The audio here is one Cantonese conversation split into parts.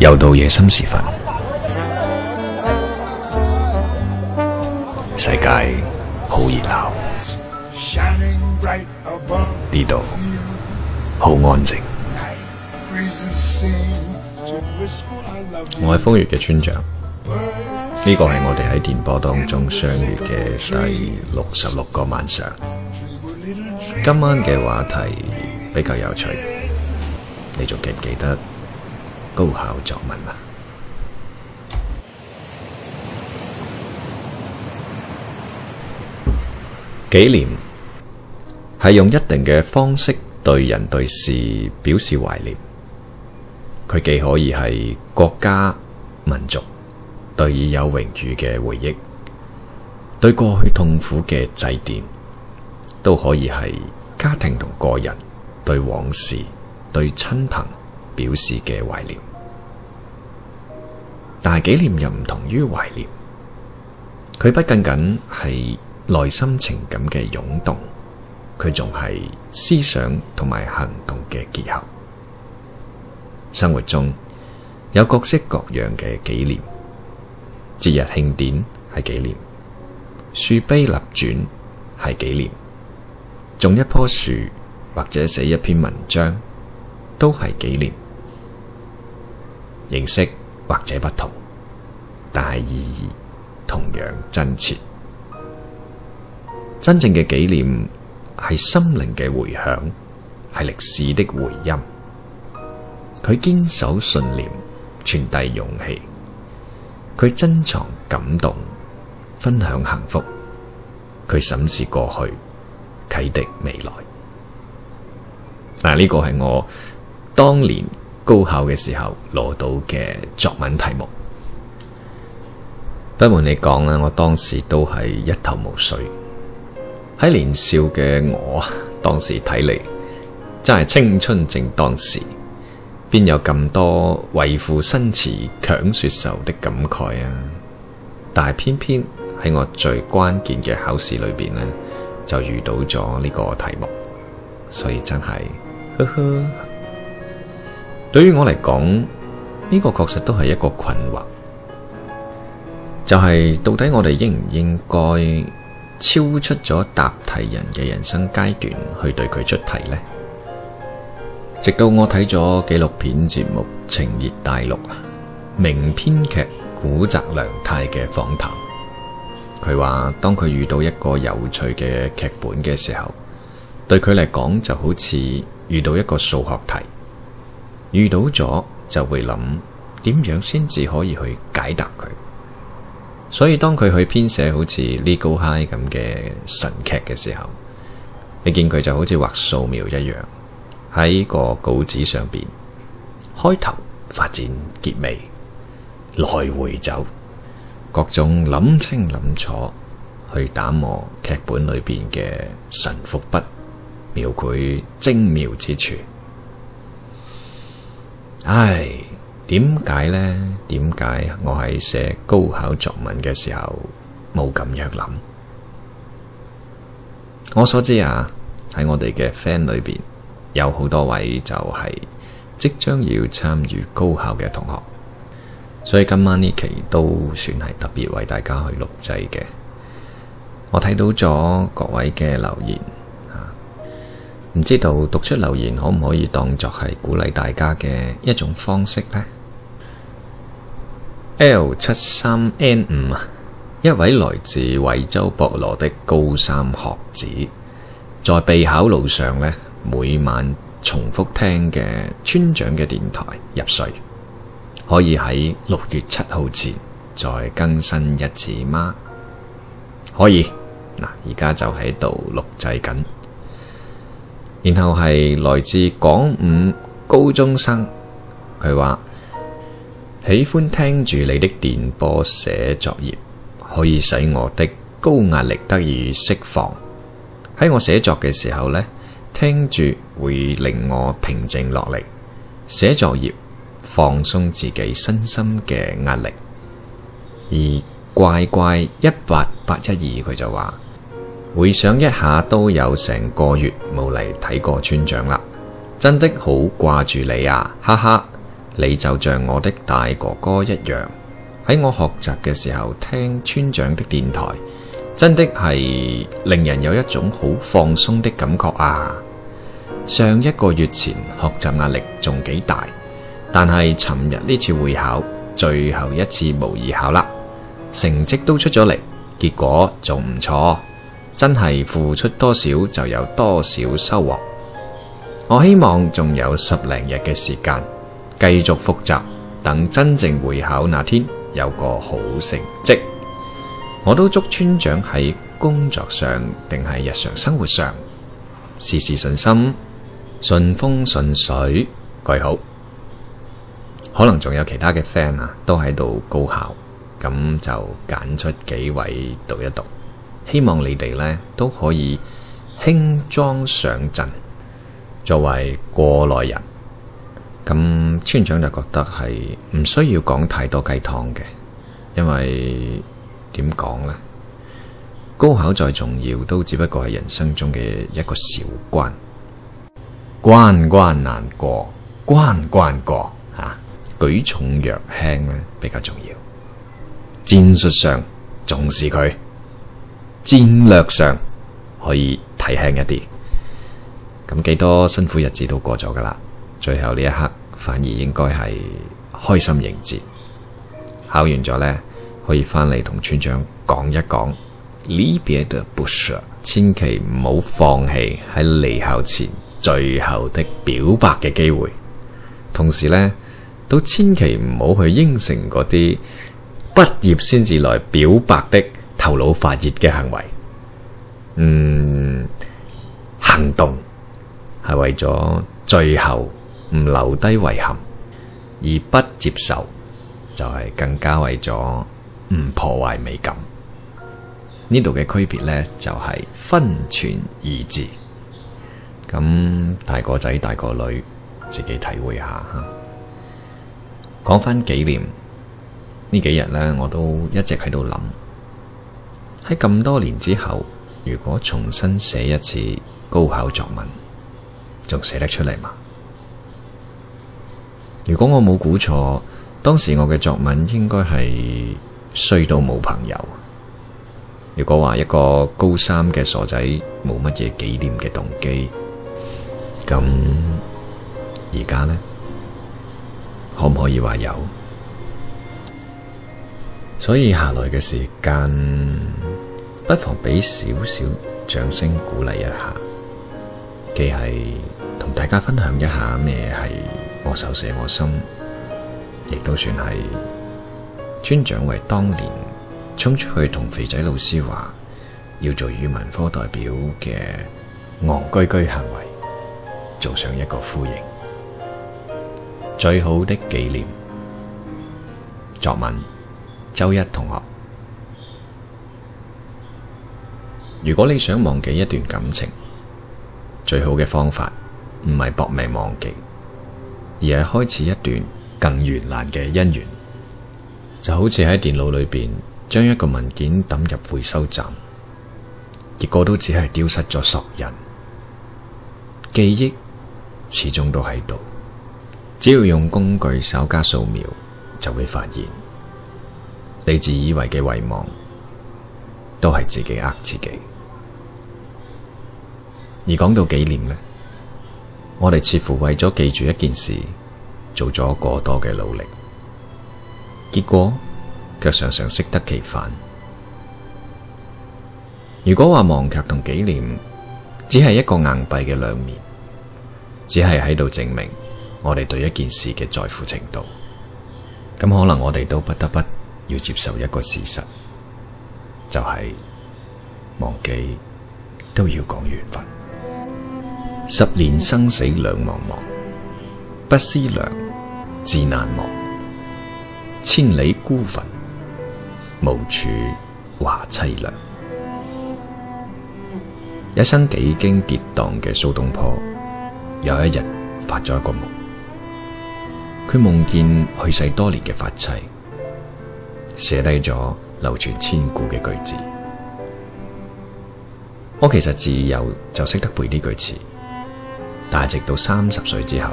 又到夜深時分，世界好熱鬧，呢度好安靜。我係瘋粵嘅村長，呢個係我哋喺電波當中相遇嘅第六十六個晚上。今晚嘅話題，比較有趣，你仲記唔記得高考作文啊？紀念係用一定嘅方式對人對事表示懷念，佢既可以係國家、民族對已有榮譽嘅回憶，對過去痛苦嘅祭奠，都可以係家庭同個人。對往事、對親朋表示嘅懷念，但係紀念又唔同於懷念，佢不僅僅係內心情感嘅湧動，佢仲係思想同埋行動嘅結合。生活中有各式各樣嘅紀念，節日慶典係紀念，樹碑立傳係紀念，種一棵樹，或者寫一篇文章，都係紀念，形式或者不同，但係意義同樣真切。真正嘅紀念係心靈嘅回響，係歷史的回音。佢堅守信念，傳遞勇氣；佢珍藏感動，分享幸福；佢審視過去，啟迪未來。嗱，呢、啊這個係我當年高考嘅時候攞到嘅作文題目。不瞞你講啦，我當時都係一頭霧水。喺年少嘅我，當時睇嚟真係青春正當時，邊有咁多為賦新詞強說愁的感慨啊！但係偏偏喺我最關鍵嘅考試裏邊呢，就遇到咗呢個題目，所以真係～ 對於我嚟講，呢、這個確實都係一個困惑，就係、是、到底我哋應唔應該超出咗答題人嘅人生階段去對佢出題呢？直到我睇咗紀錄片節目《情熱大陸》，名編劇古澤良太嘅訪談，佢話當佢遇到一個有趣嘅劇本嘅時候，對佢嚟講就好似，遇到一個數學題，遇到咗就會諗點樣先至可以去解答佢。所以當佢去編寫好似 Legal High 咁嘅神劇嘅時候，你見佢就好似畫素描一樣，喺個稿紙上邊開頭、發展、結尾來回走，各種諗清諗楚，去打磨劇本裏邊嘅神伏筆。描繪精妙之處，唉，點解呢？點解我喺寫高考作文嘅時候冇咁樣諗？我所知啊，喺我哋嘅 fan 裏邊有好多位就係即將要參與高考嘅同學，所以今晚呢期都算係特別為大家去錄製嘅。我睇到咗各位嘅留言。唔知道讀出留言可唔可以當作係鼓勵大家嘅一種方式呢？L73N5，一位來自惠州博羅的高三學子，在備考路上咧，每晚重複聽嘅村長嘅電台入睡，可以喺六月七號前再更新一次嗎？可以，嗱，而家就喺度錄製緊。然後係來自廣五高中生，佢話，喜歡聽住你的電波寫作業，可以使我的高壓力得以釋放。喺我寫作嘅時候呢，聽住會令我平靜落嚟，寫作業，放鬆自己身心嘅壓力。而怪怪18812佢就話。回想一下，都有成個月冇嚟睇過村長啦，真的好掛住你啊！哈哈，你就像我的大哥哥一樣，喺我學習嘅時候聽村長的電台，真的係令人有一種好放鬆的感覺啊。上一個月前學習壓力仲幾大，但係尋日呢次會考最後一次模擬考啦，成績都出咗嚟，結果仲唔錯。真係付出多少就有多少收穫。我希望仲有十零日嘅時間繼續復習，等真正會考那天有個好成績。我都祝村長喺工作上定係日常生活上事事順心、順風順水，句好。可能仲有其他嘅 fan 啊，都喺度高考，咁就揀出幾位讀一讀。希望你哋呢都可以輕裝上陣。作為過來人，咁村長就覺得係唔需要講太多雞湯嘅，因為點講呢？高考再重要，都只不過係人生中嘅一個小關，關關難過，關關過啊。舉重若輕呢，比較重要。戰術上重視佢。戰略上可以睇輕一啲，咁、嗯、幾多辛苦日子都過咗噶啦，最後呢一刻反而應該係開心迎接。考完咗呢，可以翻嚟同村長講一講離別的不捨，千祈唔好放棄喺離校前最後的表白嘅機會。同時呢，都千祈唔好去應承嗰啲畢業先至來表白的。頭腦發熱嘅行為，嗯，行動係為咗最後唔留低遺憾，而不接受就係更加為咗唔破壞美感。呢度嘅區別呢，就係分寸二字。咁大個仔大個女自己體會下吓。講翻紀念呢幾日呢，我都一直喺度諗。喺咁多年之後，如果重新寫一次高考作文，仲寫得出嚟嗎？如果我冇估錯，當時我嘅作文應該係衰到冇朋友。如果話一個高三嘅傻仔冇乜嘢紀念嘅動機，咁而家呢，可唔可以話有？所以下來嘅時間。不妨俾少少掌聲鼓勵一下，既係同大家分享一下咩係我手寫我心，亦都算係村長為當年衝出去同肥仔老師話要做語文科代表嘅戇居居行為做上一個呼應，最好的紀念作文，周一同學。如果你想忘記一段感情，最好嘅方法唔係搏命忘記，而係開始一段更炫爛嘅姻緣。就好似喺電腦裏邊將一個文件抌入回收站，結果都只係丟失咗索引。記憶始終都喺度。只要用工具稍加掃描，就會發現你自以為嘅遺忘，都係自己呃自己。而講到紀念呢，我哋似乎為咗記住一件事，做咗過多嘅努力，結果卻常常適得其反。如果話忘卻同紀念，只係一個硬幣嘅兩面，只係喺度證明我哋對一件事嘅在乎程度。咁可能我哋都不得不要接受一個事實，就係忘記都要講緣分。十年生死兩茫茫，不思量，自難忘。千里孤墳，無處話淒涼。一生幾經跌宕嘅蘇東坡，有一日發咗一個夢，佢夢見去世多年嘅髮妻，寫低咗流傳千古嘅句子。我其實自幼就識得背呢句詞。但係直到三十歲之後，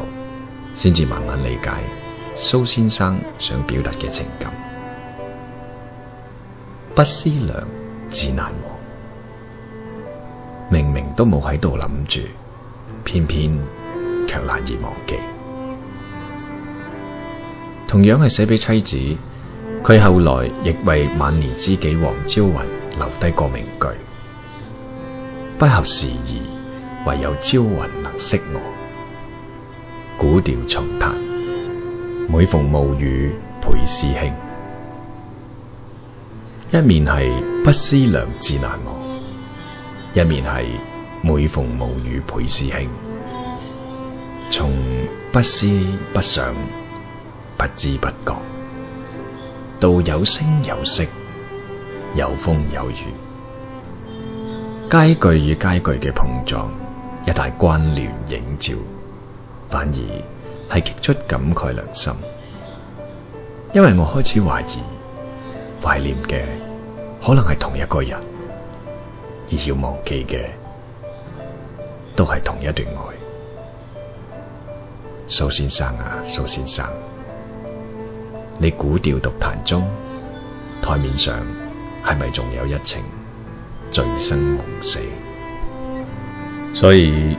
先至慢慢理解蘇先生想表達嘅情感。不思量，自難忘。明明都冇喺度諗住，偏偏卻難以忘記。同樣係寫俾妻子，佢後來亦為晚年知己王朝雲留低個名句：不合時宜。唯有朝雲能識我，古調獨彈。每逢暮雨倍思卿，一面係不思量自難忘，一面係每逢暮雨倍思卿。從不思不想，不知不覺，到有聲有色，有風有雨，佳句與佳句嘅碰撞。一旦關聯映照，反而係激出感慨良深，因為我開始懷疑，懷念嘅可能係同一個人，而要忘記嘅都係同一段愛。蘇先生啊，蘇先生，你古調獨彈中，枱面上係咪仲有一壇醉生夢死？所以，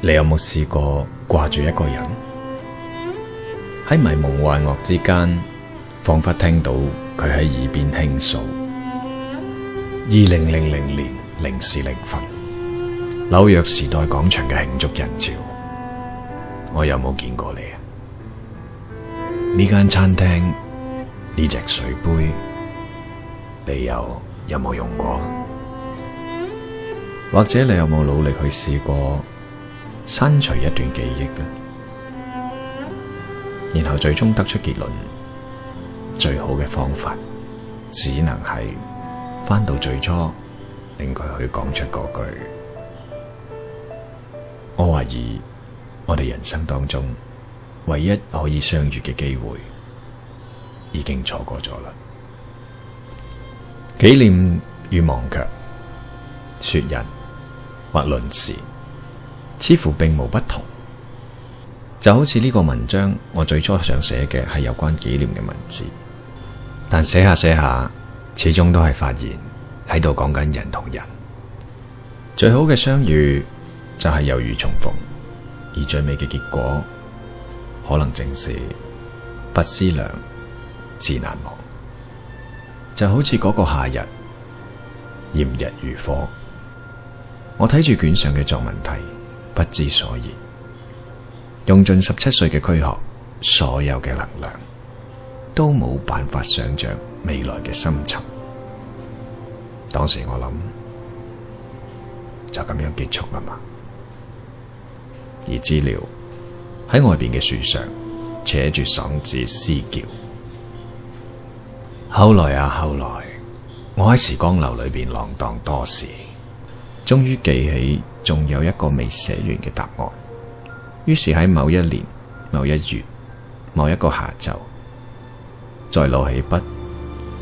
你有冇試過掛住一個人？喺迷蒙幻樂之間，仿彿聽到佢喺耳邊輕訴。二零零零年零時零分，紐約時代廣場嘅慶祝人潮，我有冇見過你啊？呢間餐廳，呢隻水杯，你又有冇用過？或者你有冇努力去試過刪除一段記憶呢？然後最終得出結論，最好嘅方法只能係翻到最初，令佢去講出嗰句。我懷疑我哋人生當中唯一可以相遇嘅機會，已經錯過咗啦。紀念與忘卻，雪人。或論事，似乎並無不同，就好似呢個文章，我最初想寫嘅係有關紀念嘅文字，但寫下寫下，始終都係發現喺度講緊人同人。最好嘅相遇就係猶如重逢，而最美嘅結果可能正是不思量，自難忘。就好似嗰個夏日，炎日如火。我睇住卷上嘅作文題，不知所以，用盡十七歲嘅軀殼，所有嘅能量，都冇辦法想象未來嘅深沉。當時我諗就咁樣結束啦嘛。而知了喺外邊嘅樹上扯住嗓子嘶叫。後來啊，後來我喺時光流裏邊浪蕩多時。終於記起仲有一個未寫完嘅答案，於是喺某一年、某一月、某一個下晝，再攞起筆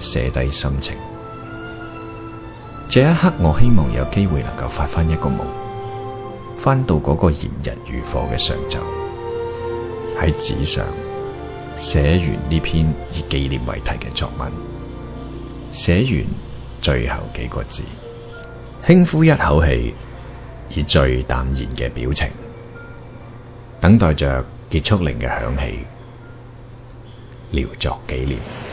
寫低心情。這一刻，我希望有機會能夠發翻一個夢，翻到嗰個炎日如火嘅上晝，喺紙上寫完呢篇以紀念為題嘅作文，寫完最後幾個字。輕呼一口氣，以最淡然嘅表情，等待着結束鈴嘅響起，留作紀念。